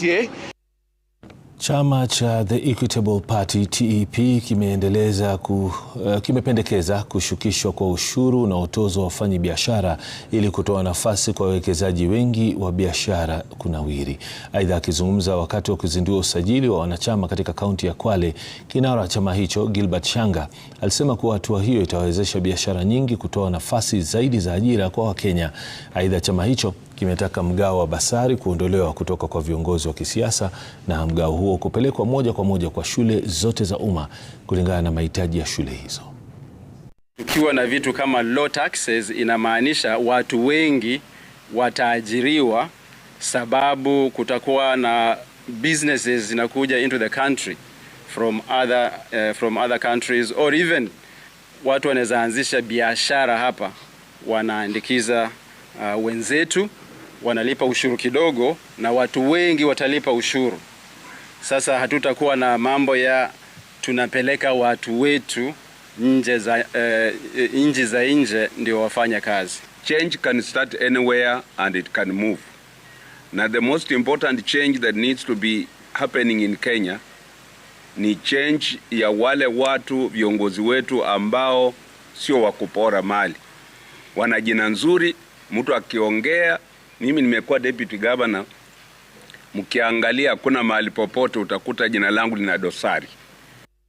PTA. E. Chama cha The Equitable Party TEP kimeendeleza ku, uh, kimependekeza kushukishwa kwa ushuru unaotozwa wafanyi biashara ili kutoa nafasi kwa wawekezaji wengi wa biashara kunawiri. Aidha, akizungumza wakati wa kuzindua usajili wa wanachama katika kaunti ya Kwale, kinara wa chama hicho Gilbert Shanga alisema kuwa hatua hiyo itawezesha biashara nyingi kutoa nafasi zaidi za ajira kwa Wakenya. Aidha, chama hicho kimetaka mgao wa basari kuondolewa kutoka kwa viongozi wa kisiasa na mgao huo kupelekwa moja kwa moja kwa shule zote za umma kulingana na mahitaji ya shule hizo. Tukiwa na vitu kama low taxes, inamaanisha watu wengi wataajiriwa, sababu kutakuwa na businesses zinakuja into the country from other, uh, from other countries or even watu wanaweza anzisha biashara hapa, wanaandikiza uh, wenzetu wanalipa ushuru kidogo, na watu wengi watalipa ushuru. Sasa hatutakuwa na mambo ya tunapeleka watu wetu nje za uh, nchi za nje ndio wafanya kazi. Change can start anywhere and it can move. Na the most important change that needs to be happening in Kenya ni change ya wale watu viongozi wetu ambao sio wakupora mali, wana jina nzuri, mtu akiongea mimi nimekuwa deputy governor, mkiangalia hakuna mahali popote utakuta jina langu lina dosari.